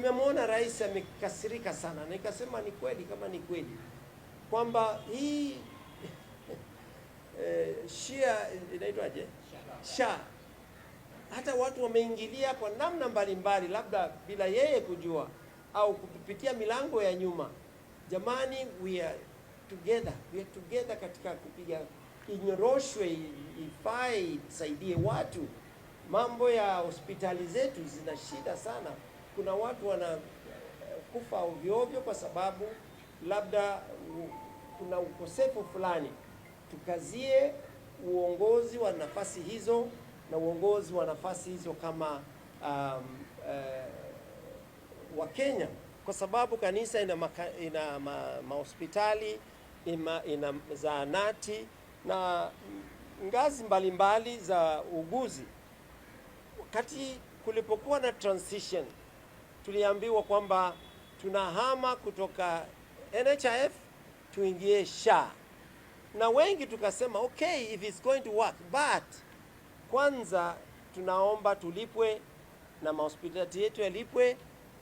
nimemwona rais amekasirika sana, nikasema ni kweli, kama ni kweli kwamba hii eh, shia inaitwaje sha hata watu wameingilia kwa namna mbalimbali, labda bila yeye kujua au kupitia milango ya nyuma. Jamani, we are together, we are together katika kupiga inyoroshwe, ifae, isaidie watu. Mambo ya hospitali zetu zina shida sana kuna watu wanakufa eh, ovyovyo kwa sababu labda kuna ukosefu fulani. Tukazie uongozi wa nafasi hizo na uongozi wa nafasi hizo kama um, uh, eh, Wakenya kwa sababu kanisa ina, maka, ina ma, mahospitali ina, ina zahanati na ngazi mbalimbali mbali za uguzi. Wakati kulipokuwa na transition tuliambiwa kwamba tunahama kutoka NHIF tuingie SHA, na wengi tukasema okay, if it's going to work but kwanza tunaomba tulipwe na mahospitali yetu yalipwe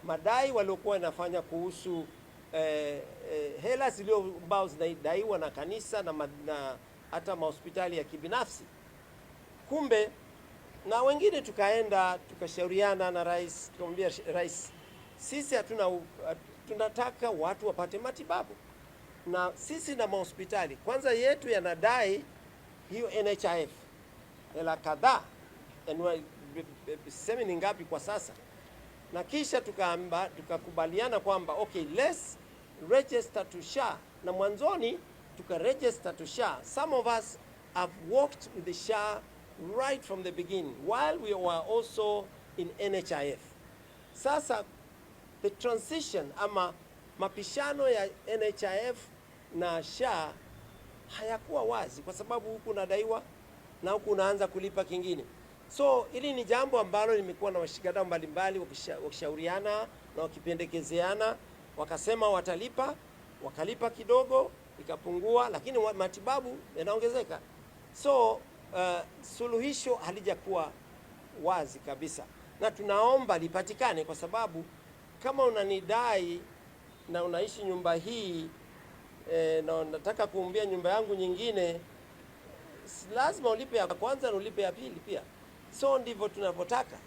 madai waliokuwa wanafanya kuhusu eh, eh, hela zilio mbao zinadaiwa na kanisa na hata mahospitali ya kibinafsi kumbe na wengine tukaenda tukashauriana na rais, tukamwambia rais, sisi hatuna tunataka watu wapate matibabu, na sisi na mahospitali kwanza yetu yanadai hiyo NHIF hela kadhaa, sisemi ni ngapi kwa sasa, na kisha tukakubaliana kwamba okay, let's register to SHA, na mwanzoni tukaregister to SHA. Some of us have worked with the SHA right from the beginning while we were also in NHIF. Sasa the transition ama mapishano ya NHIF na SHA hayakuwa wazi kwa sababu huku unadaiwa na huku unaanza kulipa kingine. So hili ni jambo ambalo limekuwa na washikadau mbalimbali wakishauriana na wakipendekezeana, wakasema watalipa, wakalipa kidogo ikapungua, lakini matibabu yanaongezeka so uh, suluhisho halijakuwa wazi kabisa, na tunaomba lipatikane, kwa sababu kama unanidai na unaishi nyumba hii e, na unataka kuumbia nyumba yangu nyingine, lazima ulipe ya kwanza na ulipe ya pili pia. So ndivyo tunavyotaka.